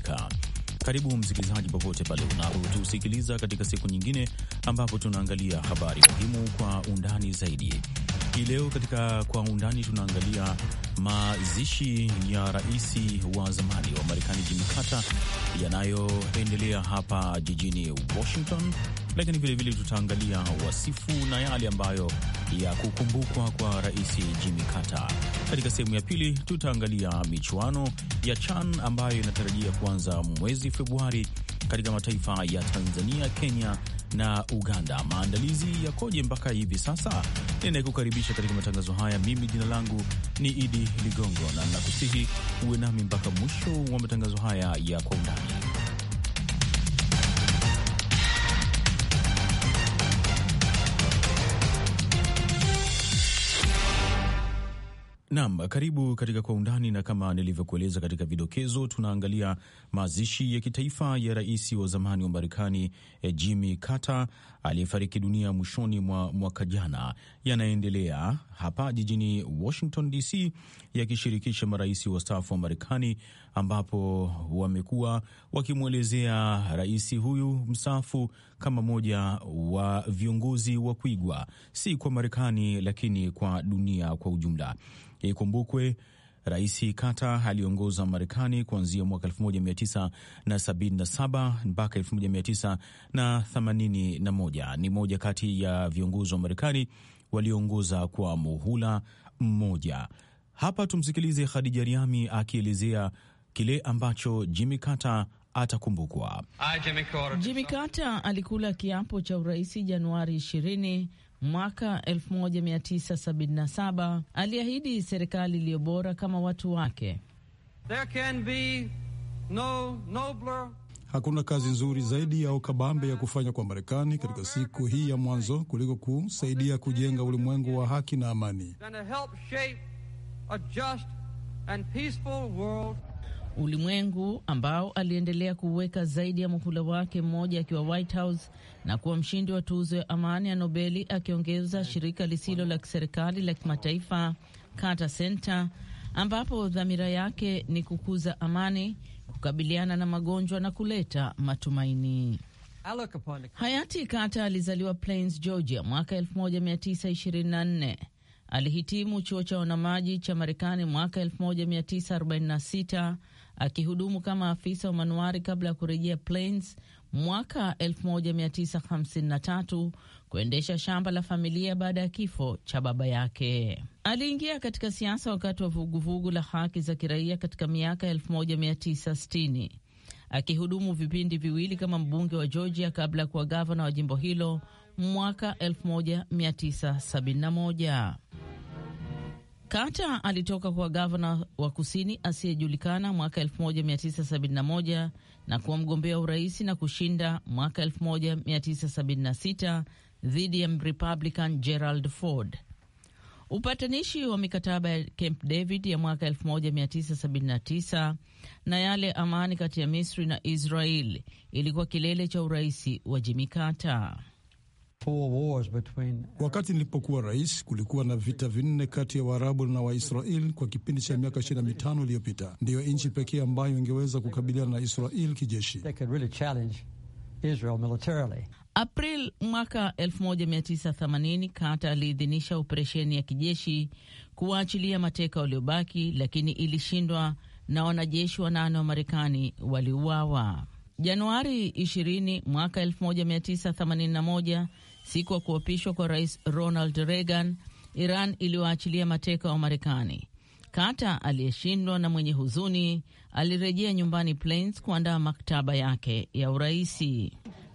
Afrika. Karibu msikilizaji, popote pale unapotusikiliza katika siku nyingine ambapo tunaangalia habari muhimu kwa undani zaidi. Hii leo katika kwa undani tunaangalia mazishi ya rais wa zamani wa Marekani Jimmy Carter yanayoendelea hapa jijini Washington, lakini vilevile tutaangalia wasifu na yale ambayo ya kukumbukwa kwa rais Jimmy Carter. Katika sehemu ya pili tutaangalia michuano ya CHAN ambayo inatarajia kuanza mwezi Februari katika mataifa ya Tanzania, Kenya na Uganda. Maandalizi yakoje mpaka hivi sasa? Ninayekukaribisha katika matangazo haya mimi jina langu ni Idi Ligongo, na nakusihi uwe nami mpaka mwisho wa matangazo haya ya kwa undani. Nam, karibu katika Kwa Undani, na kama nilivyokueleza katika vidokezo, tunaangalia mazishi ya kitaifa ya rais wa zamani wa Marekani eh, Jimmy Carter aliyefariki dunia mwishoni mwa mwaka jana, yanaendelea hapa jijini Washington DC, yakishirikisha marais wastaafu wa Marekani ambapo wamekuwa wakimwelezea rais huyu mstaafu kama mmoja wa viongozi wa kuigwa, si kwa Marekani lakini kwa dunia kwa ujumla. Ikumbukwe Rais Kata aliongoza Marekani kuanzia mwaka 1977 mpaka 1981. Ni moja kati ya viongozi wa Marekani walioongoza kwa muhula mmoja. Hapa tumsikilize Khadija Riami akielezea kile ambacho Jimmy Carter atakumbukwa. Jimmy Carter alikula kiapo cha uraisi Januari 20 mwaka 1977. Aliahidi serikali iliyo bora kama watu wake. There can be no nobler... Hakuna kazi nzuri zaidi au kabambe ya kufanya kwa Marekani katika siku hii ya mwanzo kuliko kusaidia kujenga ulimwengu wa haki na amani ulimwengu ambao aliendelea kuweka zaidi ya muhula wake mmoja akiwa White House na kuwa mshindi wa tuzo ya amani ya Nobeli, akiongeza shirika lisilo la kiserikali la kimataifa Carter Center, ambapo dhamira yake ni kukuza amani, kukabiliana na magonjwa na kuleta matumaini. Hayati Carter alizaliwa Plains, Georgia mwaka 1924. Alihitimu chuo cha wanamaji cha Marekani mwaka 1946 akihudumu kama afisa wa manuari kabla ya kurejea Plains mwaka 1953 kuendesha shamba la familia baada ya kifo cha baba yake. Aliingia katika siasa wakati wa vuguvugu la haki za kiraia katika miaka 1960 akihudumu vipindi viwili kama mbunge wa Georgia kabla ya kuwa gavana wa jimbo hilo mwaka 1971. Carter alitoka kuwa gavana wa kusini asiyejulikana mwaka 1971 na kuwa mgombea urais na kushinda mwaka 1976 dhidi ya Republican Gerald Ford. Upatanishi wa mikataba ya Camp David ya mwaka 1979 na yale amani kati ya Misri na Israel ilikuwa kilele cha urais wa Jimmy Carter. Uh, Wakati nilipokuwa rais kulikuwa na vita vinne kati ya Waarabu na Waisrael kwa kipindi cha miaka 25 iliyopita. Ndiyo nchi pekee ambayo ingeweza kukabiliana na Israel kijeshi. April mwaka 1980 Kata aliidhinisha operesheni ya kijeshi kuwaachilia mateka waliobaki, lakini ilishindwa na wanajeshi wanane wa Marekani waliuawa. Januari 20 mwaka siku ya kuapishwa kwa Rais Ronald Reagan, Iran iliwaachilia mateka wa Marekani. Kata aliyeshindwa na mwenye huzuni alirejea nyumbani Plains kuandaa maktaba yake ya uraisi.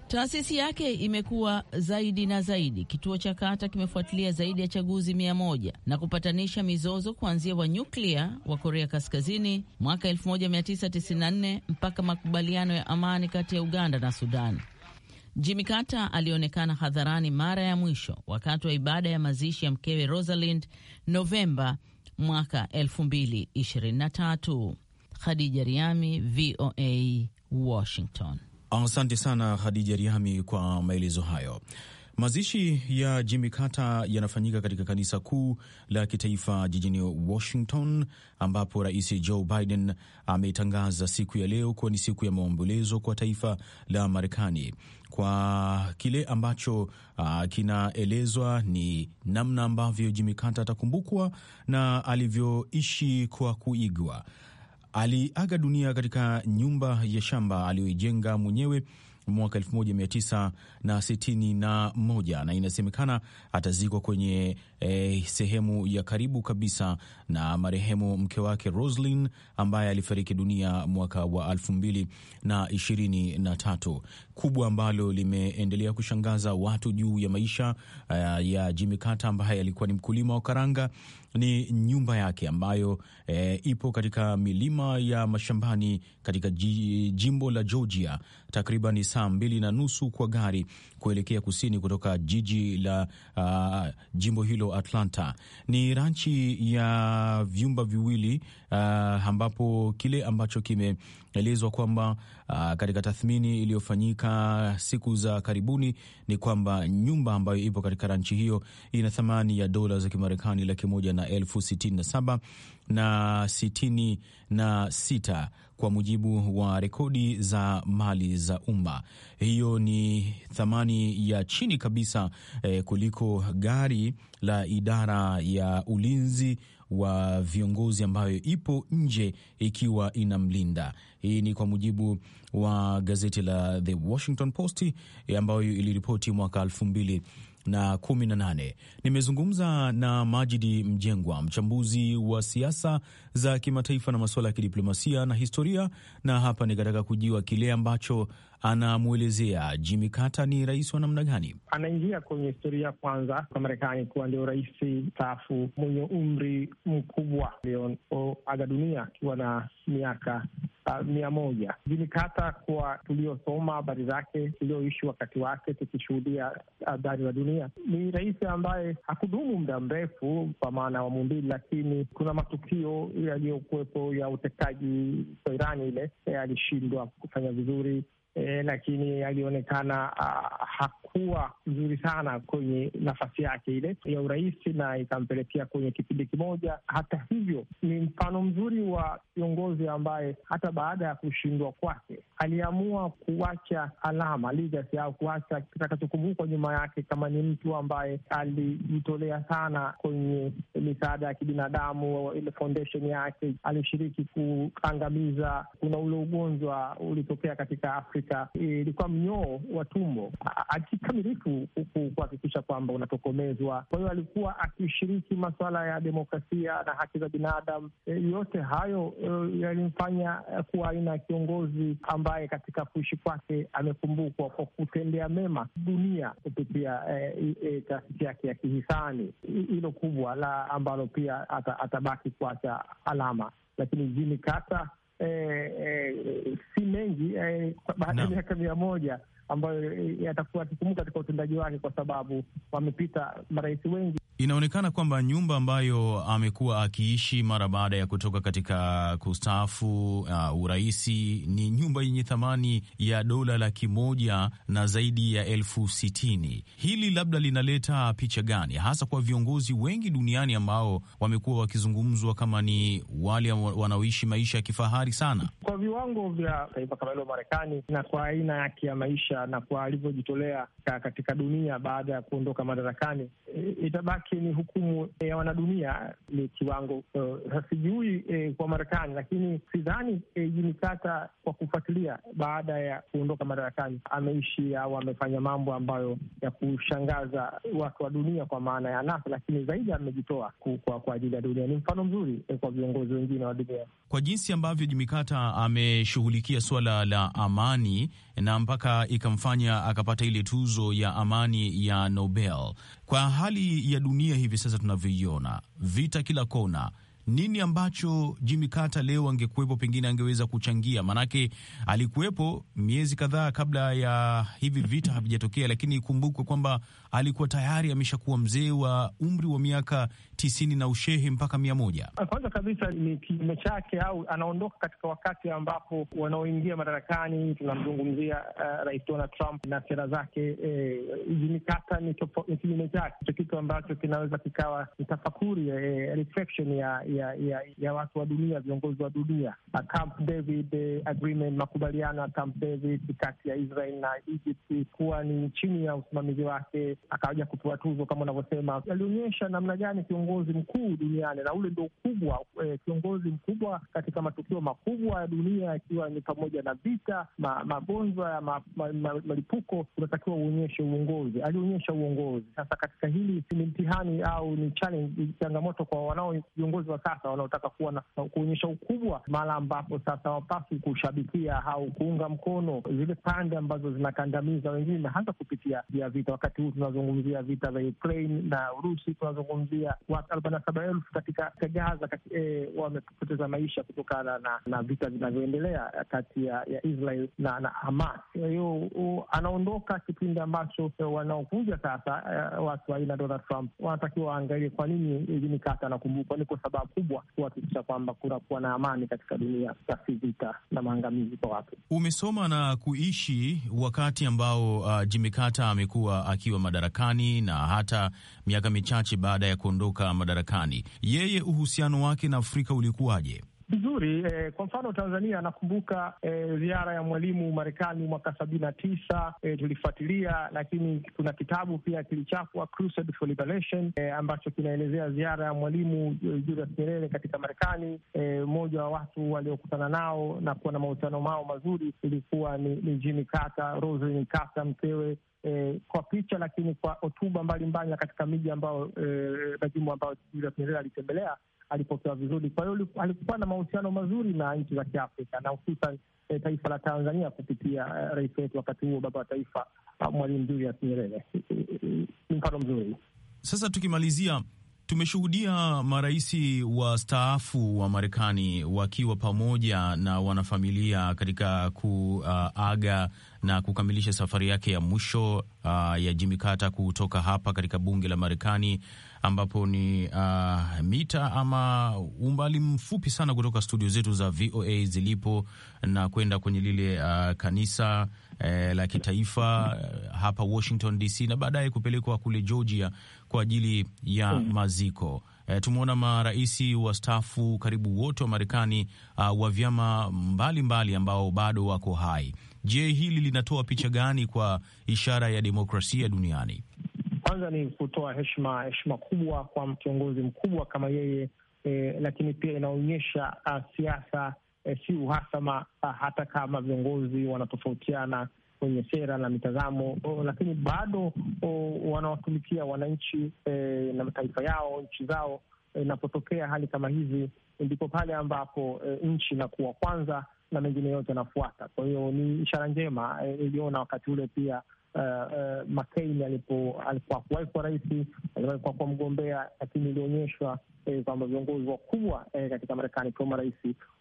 Taasisi yake imekuwa zaidi na zaidi. Kituo cha Kata kimefuatilia zaidi ya chaguzi mia moja na kupatanisha mizozo kuanzia wa nyuklia wa Korea Kaskazini mwaka 1994 mpaka makubaliano ya amani kati ya Uganda na Sudan. Jimmy Carter alionekana hadharani mara ya mwisho wakati wa ibada ya mazishi ya mkewe Rosalind Novemba mwaka 2023. Khadija Riami, VOA, Washington. Asante sana Khadija Riami kwa maelezo hayo. Mazishi ya Jimmy Carter yanafanyika katika kanisa kuu la kitaifa jijini Washington, ambapo Rais Joe Biden ametangaza siku ya leo kuwa ni siku ya maombolezo kwa taifa la Marekani kwa kile ambacho uh, kinaelezwa ni namna ambavyo Jimmy Carter atakumbukwa na alivyoishi kwa kuigwa. Aliaga dunia katika nyumba ya shamba aliyoijenga mwenyewe mwaka tisa na, na inasemekana atazikwa kwenye eh, sehemu ya karibu kabisa na marehemu mke wake Roslyn ambaye alifariki dunia mwaka wa tatu. Kubwa ambalo limeendelea kushangaza watu juu ya maisha uh, ya Jimmy Carter ambaye alikuwa ni mkulima wa karanga ni nyumba yake ambayo e, ipo katika milima ya mashambani katika jimbo la Georgia, takriban saa mbili na nusu kwa gari kuelekea kusini kutoka jiji la uh, jimbo hilo Atlanta. Ni ranchi ya vyumba viwili uh, ambapo kile ambacho kimeelezwa kwamba Ah, katika tathmini iliyofanyika siku za karibuni ni kwamba nyumba ambayo ipo katika ranchi hiyo ina thamani ya dola za Kimarekani laki moja na elfu sitini na saba na sitini na sita kwa mujibu wa rekodi za mali za umma. Hiyo ni thamani ya chini kabisa eh, kuliko gari la idara ya ulinzi wa viongozi ambayo ipo nje ikiwa inamlinda. Hii ni kwa mujibu wa gazeti la The Washington Post e, ambayo iliripoti mwaka elfu mbili na kumi na nane. Nimezungumza na Majidi Mjengwa, mchambuzi wa siasa za kimataifa na masuala ya kidiplomasia na historia, na hapa nikataka kujua kile ambacho anamwelezea Jimmy Carter ni rais wa namna gani. Anaingia kwenye historia kwanza kwa Marekani kuwa ndio rais mstaafu mwenye umri mkubwa aliyoaga dunia akiwa na miaka Uh, mia moja. Jimmy Carter kwa tuliosoma habari zake, tulioishi wakati wake, tukishuhudia habari za dunia, ni rais ambaye hakudumu muda mrefu kwa maana wa mumbili, lakini kuna matukio yaliyokuwepo ya utekaji wa Irani ile eh, alishindwa kufanya vizuri e, lakini alionekana a, ah, kuwa mzuri sana kwenye nafasi yake ile ya urais na ikampelekea kwenye kipindi kimoja. Hata hivyo, ni mfano mzuri wa kiongozi ambaye hata baada ya kushindwa kwake aliamua kuacha alama legacy, au kuacha kitakachokumbukwa nyuma yake, kama ni mtu ambaye alijitolea sana kwenye misaada ya kibinadamu. Ile foundation yake alishiriki kuangamiza, kuna ule ugonjwa ulitokea katika Afrika, ilikuwa mnyoo wa tumbo kikamilifu kuhakikisha kwamba unatokomezwa. Kwa hiyo alikuwa akishiriki masuala ya demokrasia na haki za binadamu. E, yote hayo e, yalimfanya kuwa aina ya kiongozi ambaye katika kuishi kwake amekumbukwa kwa kutendea mema dunia kupitia e, e, taasisi yake ya kihisani. Hilo kubwa la ambalo pia ata, atabaki kuacha alama, lakini Jimmy Carter E, e, si mengi e, baada ya miaka mia moja ambayo yatakuwa tukumbuka katika utendaji wake, kwa sababu wamepita marais wengi. Inaonekana kwamba nyumba ambayo amekuwa akiishi mara baada ya kutoka katika kustaafu uh, uraisi ni nyumba yenye thamani ya dola laki moja na zaidi ya elfu sitini. Hili labda linaleta picha gani hasa kwa viongozi wengi duniani ambao wamekuwa wakizungumzwa kama ni wale wanaoishi maisha ya kifahari sana, kwa viwango vya taifa kama hilo Marekani, na kwa aina yake ya maisha na kwa alivyojitolea katika dunia baada ya kuondoka madarakani itabaki lakini hukumu eh, ya wanadunia ni kiwango eh, sijui uh, eh, kwa Marekani, lakini sidhani eh, jinikata kwa kufuatilia baada ya kuondoka madarakani ameishi au amefanya mambo ambayo ya kushangaza watu wa dunia kwa maana ya NASA, lakini zaidi amejitoa kwa, ajili ya dunia. Ni mfano mzuri eh, kwa viongozi wengine wa dunia kwa jinsi ambavyo Jimikata ameshughulikia suala la amani na mpaka ikamfanya akapata ile tuzo ya amani ya Nobel. Kwa hali ya dunia hivi sasa tunavyoiona, vita kila kona, nini ambacho Jimmy Carter leo angekuwepo, pengine angeweza kuchangia? Maanake alikuwepo miezi kadhaa kabla ya hivi vita havijatokea, lakini ikumbukwe kwamba alikuwa tayari ameshakuwa mzee wa umri wa miaka tisini na ushehe mpaka mia moja. Kwanza kabisa ni kinyume chake, au anaondoka katika wakati ambapo wanaoingia madarakani, tunamzungumzia uh, Rais Donald Trump na sera zake jimikata, eh, ni kinyume chake, cho kitu ambacho kinaweza kikawa ni tafakuri eh, reflection ya, ya, ya, ya watu wa dunia, viongozi wa dunia, Camp David eh, agreement, makubaliano ya Camp David kati ya Israel na Egypt kuwa ni chini ya usimamizi wake, akaja kupewa tuzo kama unavyosema, alionyesha namna gani kiongozi mkuu duniani, na ule ndo kubwa eh, kiongozi mkubwa katika matukio makubwa ya dunia, ikiwa ni pamoja na vita, magonjwa ya ma, ma, ma, ma, malipuko, unatakiwa uonyeshe uongozi. Alionyesha uongozi. Sasa katika hili ni mtihani au ni challenge, changamoto kwa wanao viongozi wa sasa wanaotaka kuwa na kuonyesha ukubwa, mahala ambapo sasa wapasi kushabikia au kuunga mkono zile pande ambazo zinakandamiza wengine, hasa kupitia vita. Wakati huu tunazungumzia vita vya Ukraine na Urusi, tunazungumzia watu arobaini na saba elfu katika Gaza e, wamepoteza maisha kutokana na, na vita vinavyoendelea kati ya, ya Israel na, na Hamas. Kwa hiyo anaondoka kipindi ambacho wanaokuja sasa eh, watu aina Donald Trump wanatakiwa waangalie kwa nini Jimmy kata anakumbukwa. Ni kwa sababu kubwa kuhakikisha kwamba kunakuwa na amani katika dunia, si vita na maangamizi kwa watu. Umesoma na kuishi wakati ambao uh, Jimmy Carter amekuwa akiwa madarakani na hata miaka michache baada ya kuondoka kuondoka madarakani, yeye uhusiano wake na Afrika ulikuwaje? Vizuri eh, kwa mfano Tanzania nakumbuka eh, ziara ya Mwalimu Marekani mwaka sabini na tisa eh, tulifuatilia, lakini kuna kitabu pia kilichapwa Crusade for Liberation eh, ambacho kinaelezea ziara ya Mwalimu eh, Julius Nyerere katika Marekani. Eh, mmoja eh, wa watu waliokutana nao na kuwa na mahusiano mao mazuri ilikuwa ni, ni Jimmy Carter, Rosalynn Carter mkewe eh, kwa picha lakini kwa hotuba mbalimbali na katika miji ambayo eh, majimbo ambayo Julius Nyerere alitembelea alipokewa vizuri. Kwa hiyo alikuwa na mahusiano mazuri na nchi za Kiafrika na hususan eh, taifa la Tanzania kupitia eh, rais wetu wakati huo, baba wa taifa ah, Mwalimu Julius Nyerere. Ni mfano mzuri. Sasa tukimalizia Tumeshuhudia marais wastaafu wa Marekani wakiwa pamoja na wanafamilia katika kuaga uh, na kukamilisha safari yake ya mwisho uh, ya Jimmy Carter kutoka hapa katika bunge la Marekani, ambapo ni uh, mita ama umbali mfupi sana kutoka studio zetu za VOA zilipo na kwenda kwenye lile uh, kanisa eh, la kitaifa eh, hapa Washington DC na baadaye kupelekwa kule Georgia kwa ajili ya mm. maziko. E, tumeona marais wastaafu karibu wote wa Marekani uh, wa vyama mbalimbali mbali ambao bado wako hai. Je, hili linatoa picha gani kwa ishara ya demokrasia duniani? Kwanza ni kutoa heshima heshima kubwa kwa kiongozi mkubwa kama yeye e, lakini pia inaonyesha uh, siasa e, si uhasama uh, hata kama viongozi wanatofautiana kwenye sera na mitazamo o, lakini bado wanawatumikia wananchi e, na mataifa yao nchi zao. E, inapotokea e, hali kama hizi, ndipo pale ambapo e, nchi inakuwa kwanza na mengine yote yanafuata. Kwa hiyo ni ishara njema e, iliona e, wakati ule pia Uh, uh, McCain alipowahi kuwa rais, aliwahi kuwa mgombea, lakini ilionyeshwa eh, kwamba viongozi wakubwa eh, katika Marekani kama rais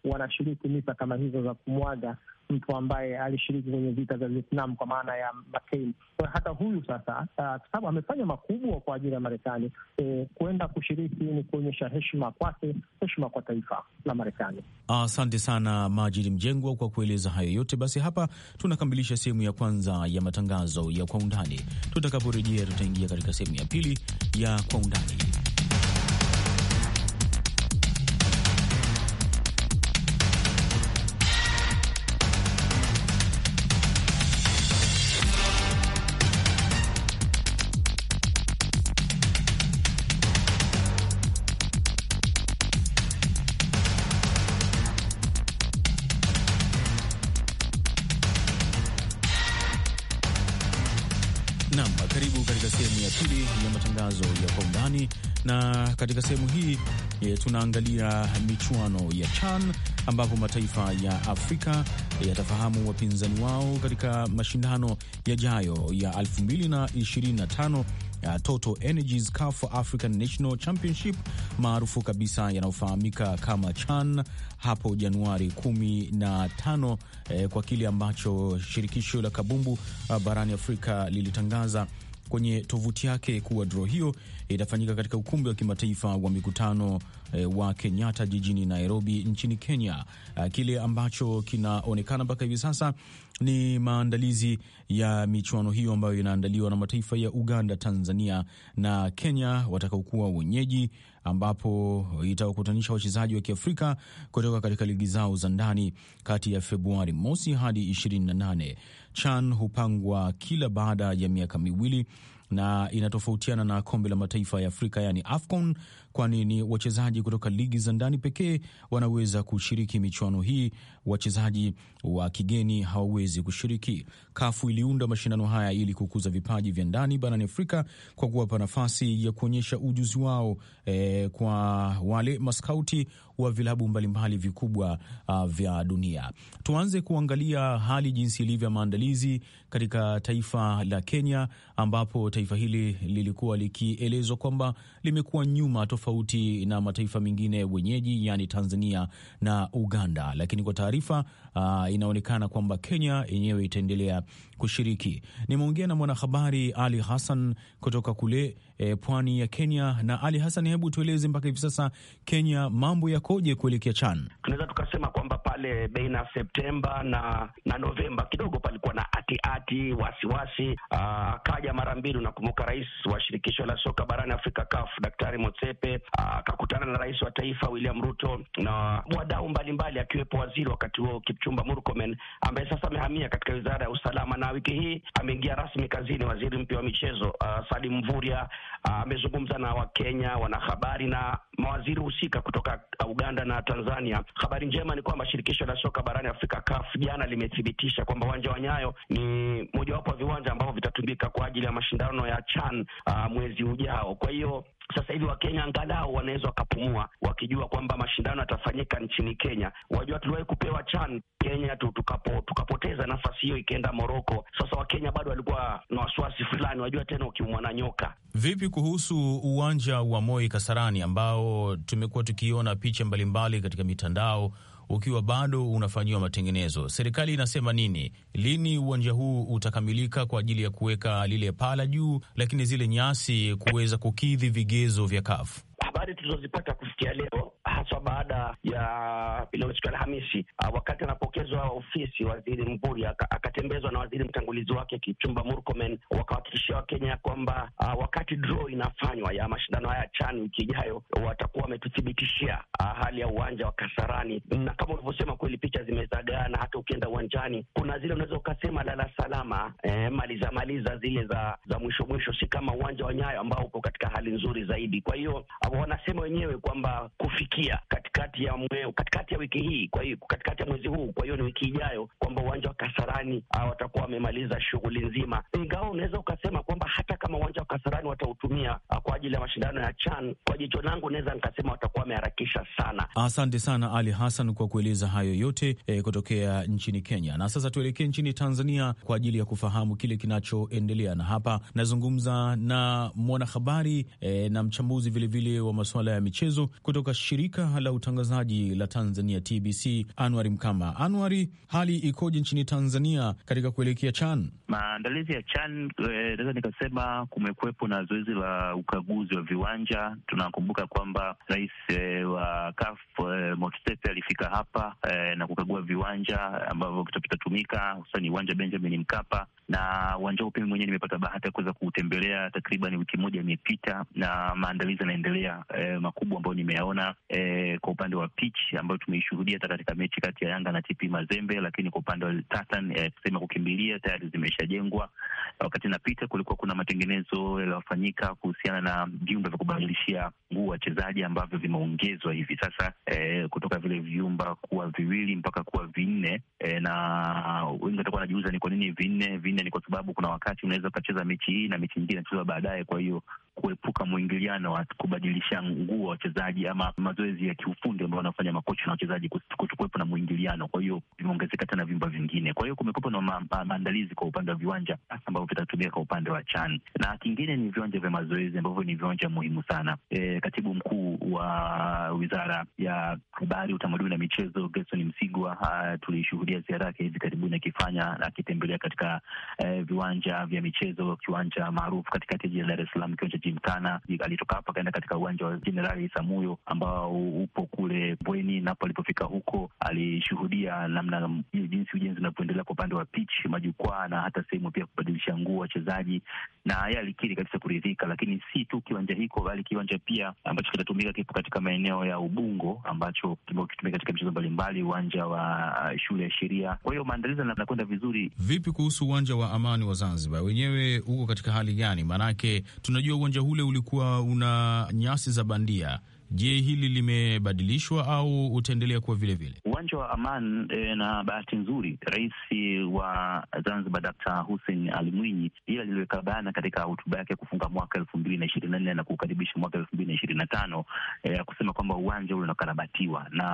wanashiriki misa kama hizo za kumwaga mtu ambaye alishiriki kwenye vita vya Vietnam kwa maana ya McCain. Kwa hata huyu sasa, uh, kwa sababu amefanya makubwa kwa ajili ya Marekani, e, kuenda kushiriki ni kuonyesha heshima kwake, heshima kwa taifa la Marekani. Asante sana Majid Mjengwa kwa kueleza hayo yote. Basi hapa tunakamilisha sehemu ya kwanza ya matangazo ya Kwa Undani. Tutakaporejea tutaingia katika sehemu ya pili ya Kwa Undani. katika sehemu hii e, tunaangalia michuano ya CHAN ambapo mataifa ya Afrika eh, yatafahamu wapinzani wao katika mashindano yajayo ya 2025 ya Total Energies CAF African National Championship maarufu kabisa yanayofahamika kama CHAN hapo Januari 15, eh, kwa kile ambacho shirikisho la kabumbu eh, barani Afrika lilitangaza kwenye tovuti yake kuwa dro hiyo itafanyika katika ukumbi wa kimataifa wa mikutano eh, wa Kenyatta jijini Nairobi nchini Kenya. Ah, kile ambacho kinaonekana mpaka hivi sasa ni maandalizi ya michuano hiyo ambayo inaandaliwa na mataifa ya Uganda, Tanzania na Kenya watakaokuwa wenyeji, ambapo itawakutanisha wachezaji wa Kiafrika kutoka katika ligi zao za ndani kati ya Februari mosi hadi 28. CHAN hupangwa kila baada ya miaka miwili na inatofautiana na kombe la mataifa ya Afrika yani AFCON kwani ni wachezaji kutoka ligi za ndani pekee wanaweza kushiriki michuano hii. Wachezaji wa kigeni hawawezi kushiriki. Kafu iliunda mashindano haya ili kukuza vipaji vya ndani barani Afrika kwa kuwapa nafasi ya kuonyesha ujuzi wao e, kwa wale maskauti wa vilabu mbalimbali vikubwa a, ah, vya dunia. Tuanze kuangalia hali jinsi ilivyo maandalizi katika taifa la Kenya, ambapo taifa hili lilikuwa likielezwa kwamba limekuwa nyuma tof tofauti na mataifa mengine wenyeji, yani Tanzania na Uganda, lakini kwa taarifa uh, inaonekana kwamba Kenya yenyewe itaendelea kushiriki. Nimeongea na mwanahabari Ali Hassan kutoka kule e, pwani ya Kenya. Na Ali Hassan, hebu tueleze mpaka hivi sasa Kenya mambo yakoje kuelekea CHAN? Tunaweza tukasema kwamba pale baina ya Septemba na na Novemba kidogo palikuwa na atiati wasiwasi. Akaja ah, mara mbili, unakumbuka rais wa shirikisho la soka barani Afrika CAF Daktari Motsepe akakutana na rais wa taifa William Ruto na wadau mbalimbali, akiwepo waziri wakati huo Kipchumba Murkomen ambaye sasa amehamia katika wizara ya usalama, na wiki hii ameingia rasmi kazini waziri mpya wa michezo uh, Salim Mvurya amezungumza na Wakenya wanahabari na mawaziri husika kutoka Uganda na Tanzania. Habari njema ni kwamba shirikisho la soka barani Afrika CAF jana limethibitisha kwamba uwanja wa Nyayo ni mojawapo wa viwanja ambavyo vitatumika kwa ajili ya mashindano ya CHAN uh, mwezi ujao. Kwa hiyo sasa hivi Wakenya angalau wanaweza wakapumua wakijua kwamba mashindano yatafanyika nchini Kenya. Wajua, tuliwahi kupewa CHAN Kenya tu, tukapo, tukapoteza nafasi hiyo ikaenda Moroko. Sasa Wakenya bado walikuwa na wasiwasi fulani, wajua tena ukiumwa na nyoka vipi kuhusu uwanja wa Moi Kasarani ambao tumekuwa tukiona picha mbalimbali katika mitandao ukiwa bado unafanyiwa matengenezo. Serikali inasema nini? Lini uwanja huu utakamilika kwa ajili ya kuweka lile paa la juu, lakini zile nyasi kuweza kukidhi vigezo vya kafu? habari tulizozipata kufikia leo, haswa baada ya ile Alhamisi, ah, wakati anapokezwa ofisi waziri mvuri akatembezwa na waziri mtangulizi wake Kipchumba Murkomen, wakawahakikishia Wakenya kwamba ah, wakati draw inafanywa ya mashindano haya chani wiki ijayo, watakuwa wametuthibitishia ah, hali ya uwanja wa Kasarani, na kama ulivyosema kweli, picha zimezagaa na hata ukienda uwanjani kuna zile unaweza ukasema lala salama, eh, maliza maliza zile za za mwisho mwisho, si kama uwanja wa Nyayo ambao uko katika hali nzuri zaidi. Kwa hiyo wanasema wenyewe kwamba kufikia katikati ya mwe, katikati ya wiki hii, kwa hiyo katikati ya mwezi huu, kwa hiyo ni wiki ijayo, kwamba uwanja wa Kasarani ah, watakuwa wamemaliza shughuli nzima, ingawa unaweza ukasema kwamba hata kama uwanja wa Kasarani watautumia ah, kwa ajili ya mashindano ya CHAN, kwa jicho langu naweza nikasema watakuwa wameharakisha sana. Asante sana Ali Hassan kwa kueleza hayo yote e, kutokea nchini Kenya. Na sasa tuelekee nchini Tanzania kwa ajili ya kufahamu kile kinachoendelea, na hapa nazungumza na mwanahabari e, na mchambuzi vilevile upande wa masuala ya michezo kutoka shirika la utangazaji la Tanzania TBC, Anwari Mkama. Anwari, hali ikoje nchini Tanzania katika kuelekea CHAN? Maandalizi ya CHAN eh, naweza nikasema kumekuwepo na zoezi la ukaguzi wa viwanja. Tunakumbuka kwamba rais e, wa CAF e, Motsepe alifika hapa e, na kukagua viwanja ambavyo vitatumika hususani uwanja Benjamin Mkapa na uwanja huu pia mwenyewe nimepata bahati ya kuweza kuutembelea takriban wiki moja imepita, na maandalizi yanaendelea haya e, eh, makubwa ambayo nimeyaona e, kwa upande wa pitch ambayo tumeishuhudia hata katika mechi kati ya Yanga na TP Mazembe, lakini kwa upande wa tartan tuseme eh, kukimbilia tayari zimeshajengwa. Wakati napita kulikuwa kuna matengenezo yaliyofanyika kuhusiana na vyumba vya kubadilishia nguo wachezaji ambavyo vimeongezwa hivi sasa e, kutoka vile vyumba kuwa viwili mpaka kuwa vinne e, na wengi watakuwa wanajiuza ni kwa nini vinne vinne? Ni kwa sababu kuna wakati unaweza ukacheza mechi hii na mechi nyingine inachezwa baadaye, kwa hiyo kuepuka mwingiliano wa kubadilisha nguo wachezaji, ama mazoezi ya kiufundi ambayo wanafanya makocha na wachezaji, kutokuwepo na mwingiliano. Kwa hiyo vimeongezeka tena vyumba vingine, kwa hiyo kumekuwepo na ma, ma, maandalizi kwa upande wa viwanja hasa ambavyo vitatumika kwa upande wa CHAN, na kingine ni viwanja vya mazoezi ambavyo ni viwanja muhimu sana. E, katibu mkuu wa wizara ya habari, utamaduni na michezo Gerson Msigwa, tulishuhudia ziara yake hivi karibuni akifanya akitembelea katika e, viwanja vya michezo, kiwanja maarufu katikati ya jiji la Dar es Salaam, kiwanja Mtana alitoka hapa akaenda katika uwanja wa Jenerali Samuyo ambao upo kule Bweni, napo alipofika huko alishuhudia namna jinsi ujenzi unavyoendelea kwa upande wa pitch, majukwaa na hata sehemu pia kubadilisha nguo wachezaji, na yeye alikiri kabisa kuridhika. Lakini si tu kiwanja hiko, bali kiwanja pia ambacho kitatumika kipo katika maeneo ya Ubungo ambacho kitumika katika michezo mbalimbali, uwanja wa uh, shule ya sheria. Kwa hiyo maandalizi yanakwenda vizuri. Vipi kuhusu uwanja wa Amani wa Zanzibar wenyewe, uko katika hali gani? Maanake tunajua uwanja uwanja ule ulikuwa una nyasi za bandia Je, hili limebadilishwa au utaendelea kuwa vilevile? Uwanja wa Aman e, na bahati nzuri Rais wa Zanzibar Dkt. Hussein Ali Mwinyi ile aliliweka bayana katika hotuba yake ya kufunga mwaka elfu mbili na ishirini na nne na kukaribisha mwaka elfu mbili na ishirini na tano e, kusema kwamba uwanja ule unakarabatiwa na,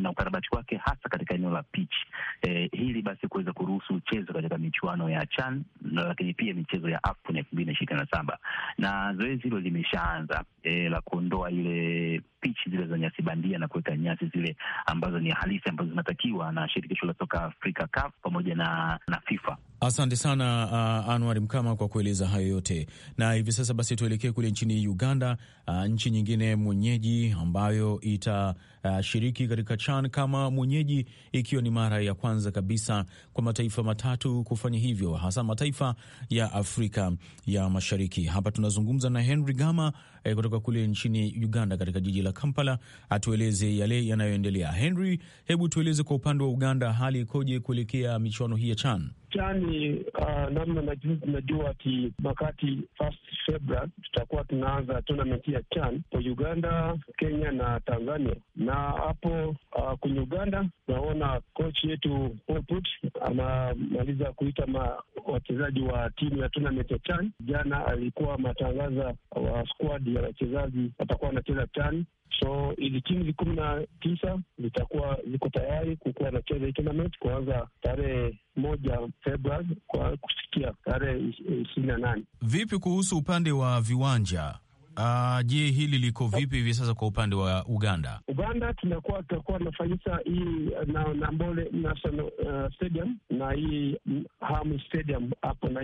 na ukarabati wake hasa katika eneo la pitch e, hili basi kuweza kuruhusu mchezo katika michuano ya CHAN na lakini pia michezo ya AFCON elfu mbili na ishirini na saba na zoezi hilo limeshaanza e, la kuondoa ile zile pichi zile za nyasi bandia na kuweka nyasi zile ambazo ni halisi ambazo zinatakiwa na shirikisho la soka Afrika CAF pamoja na, na FIFA Asante sana uh, Anwar Mkama kwa kueleza hayo yote, na hivi sasa basi tuelekee kule nchini Uganda, uh, nchi nyingine mwenyeji ambayo itashiriki uh, katika CHAN kama mwenyeji, ikiwa ni mara ya kwanza kabisa kwa mataifa matatu kufanya hivyo, hasa mataifa ya Afrika ya Mashariki. Hapa tunazungumza na Henry Gama eh, kutoka kule nchini Uganda, katika jiji la Kampala, atueleze yale yanayoendelea. Henry, hebu tueleze kwa upande wa Uganda hali ikoje kuelekea michuano hii ya CHAN? chani uh, ah, namna najua, juzi tunajua ati wakati first February tutakuwa tunaanza tournament ya CHAN kwa Uganda, Kenya na Tanzania. Na hapo uh, kwenye Uganda naona coach yetu Put anamaliza kuita ma, wachezaji wa timu ya tournament ya CHAN. Jana alikuwa matangaza wa squad ya wachezaji watakuwa wanacheza CHAN So ili timu zi kumi na tisa zitakuwa ziko tayari kukuwa na cheza hii tournament kuanza tarehe moja Februari kwa kusikia tarehe ishirini na nane. Vipi kuhusu upande wa viwanja Uh, je, hili liko vipi hivi sasa kwa upande wa Uganda? Uganda tunakuwa tutakuwa tunafanyisa hii na, na Mbole National uh, Stadium na hii Hamu Stadium hapo na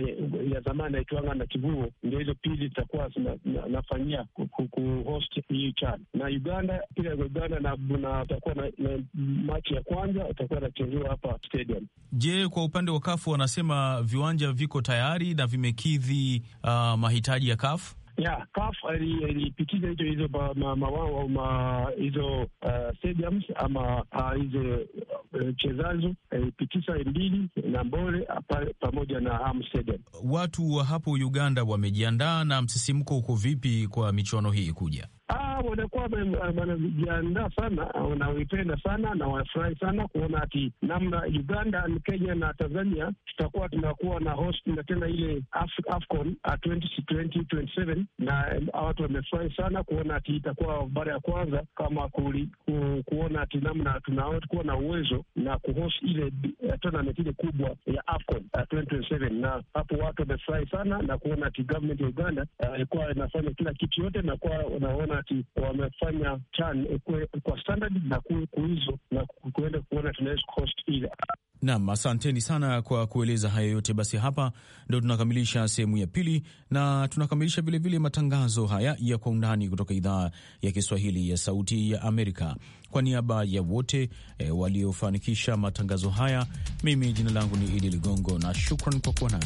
ya zamani naitwanga na Kivuo, ndio hizo pili zitakuwa nafanyia kuhost hii CHAN na Uganda pia Uganda na utakuwa na, na machi ya kwanza utakuwa nachezewa hapa stadium. Je, kwa upande wa kafu wanasema viwanja viko tayari na vimekidhi uh, mahitaji ya kafu Yeah, CAF ilipikiza hizo hizo mawao au hizo uh, stadiums ama uh, hizo uh, chezazo ilipikiza mbili na Mbore pamoja na Ham Stadium. Watu wa hapo Uganda wamejiandaa, na msisimko uko vipi kwa michuano hii kuja? Ah, wanakuwa wanajiandaa sana, wanawipenda sana na wafurahi sana kuona ati namna Uganda, Kenya na Tanzania tutakuwa tunakuwa na host na tena ile Af AFCON 2027 uh, na um, watu wamefurahi sana kuona ati itakuwa bara ya kwanza kama kuli, ku, kuona ati namna tunakuwa na uwezo na kuhost ile uh, tournament ile kubwa ya AFCON 2027 uh, na hapo watu wamefurahi sana na kuona ati government ya Uganda ilikuwa uh, inafanya kila kitu yote na kuwa wakati wamefanya chan kwa standard na kuizo na kuenda kuona tunaweza cost ile. Naam, asanteni sana kwa kueleza hayo yote. Basi hapa ndo tunakamilisha sehemu ya pili na tunakamilisha vilevile matangazo haya ya kwa undani kutoka idhaa ya Kiswahili ya Sauti ya Amerika. Kwa niaba ya wote e, waliofanikisha matangazo haya, mimi jina langu ni Idi Ligongo na shukran kwa kuwa nami.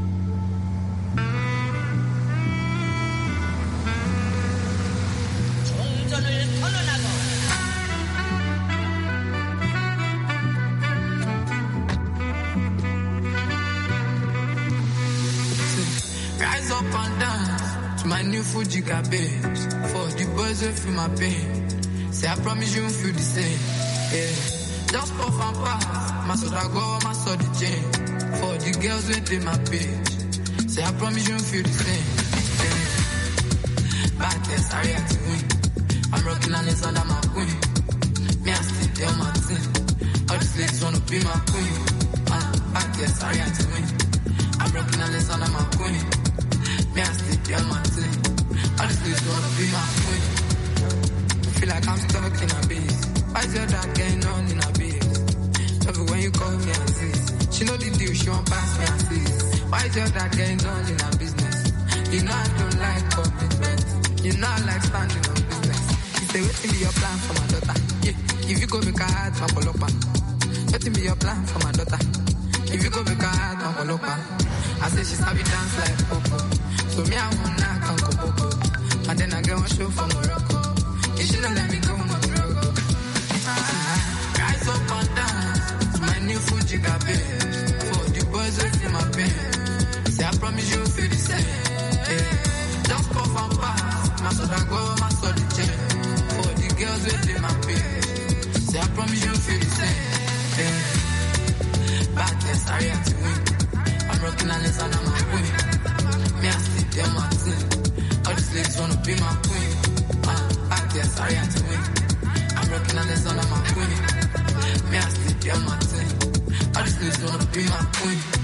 I food Fuji got babes. For the boys who feel my pain. Say, I promise you won't feel the same. Yeah. Just puff and pass. My soda go, my soda chain. For the girls who take my page. Say, I promise you won't feel the same. Yeah. Bad test, I react to win. I'm rocking on this under my queen. Me, I still tell my team. All these ladies wanna be my queen. Uh, bad test, I react to win. I'm rocking on this under my queen. Me, I still do my thing. Honestly, so I be my queen. I feel like I'm stuck in a beast. Why is your am getting on in a beast. Love it when you call me assist. She know the deal, she won't pass me assist. Why is your dad getting on in her business? You know I don't like commitment. You know I like standing on business. You say, waiting be your plan for my daughter. Yeah. If you go make her heart, I'ma my polopa. Waiting be your plan for my daughter. If you go make her heart, I'ma my polopa. I say she's having dance like Popo. So me, I want to come on Koboko. And then I get one show from Morocco. You shouldn't let me go, Morocco. Guys ah, up and dance. My new Fuji cafe For the boys who feel my pain. Say, I promise you feel the same. Just puff and pass. My soda go, my soda change For the girls who feel my pain. Say, I promise you feel the same. Yeah. Back, yes, I I'm a queen. Me, I see them a All these ladies wanna be my queen. Ah, I guess I to win. I'm rocking I'm queen. Me, I All these ladies wanna be my queen.